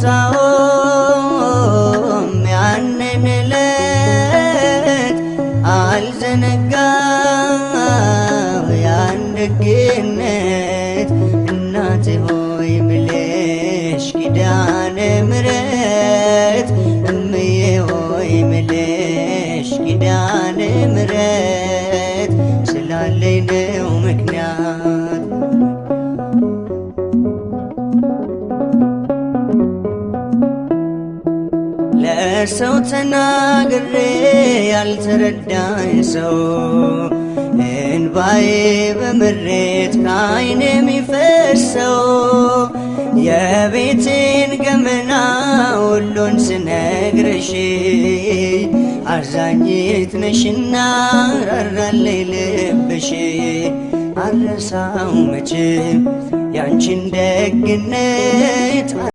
አልረሳውም ያንን ዕለት አልዘነጋ ያን ደግነት እናቴ ሆይ ምልሽ ኪዳነ ምሕረት እምዬ ሆይ ምልሽ ኪዳነ ምሕረት ለሰው ተናግሬ ያልተረዳኝ ሰው እንባዬ በምሬት ከዓይኔ የሚፈሰው የቤቴን ገመና ሁሉን ስነግርሽ አዛኝት ነሽና ራራሌ ልብሽ አረሳው መቼም ያንቺን ደግነት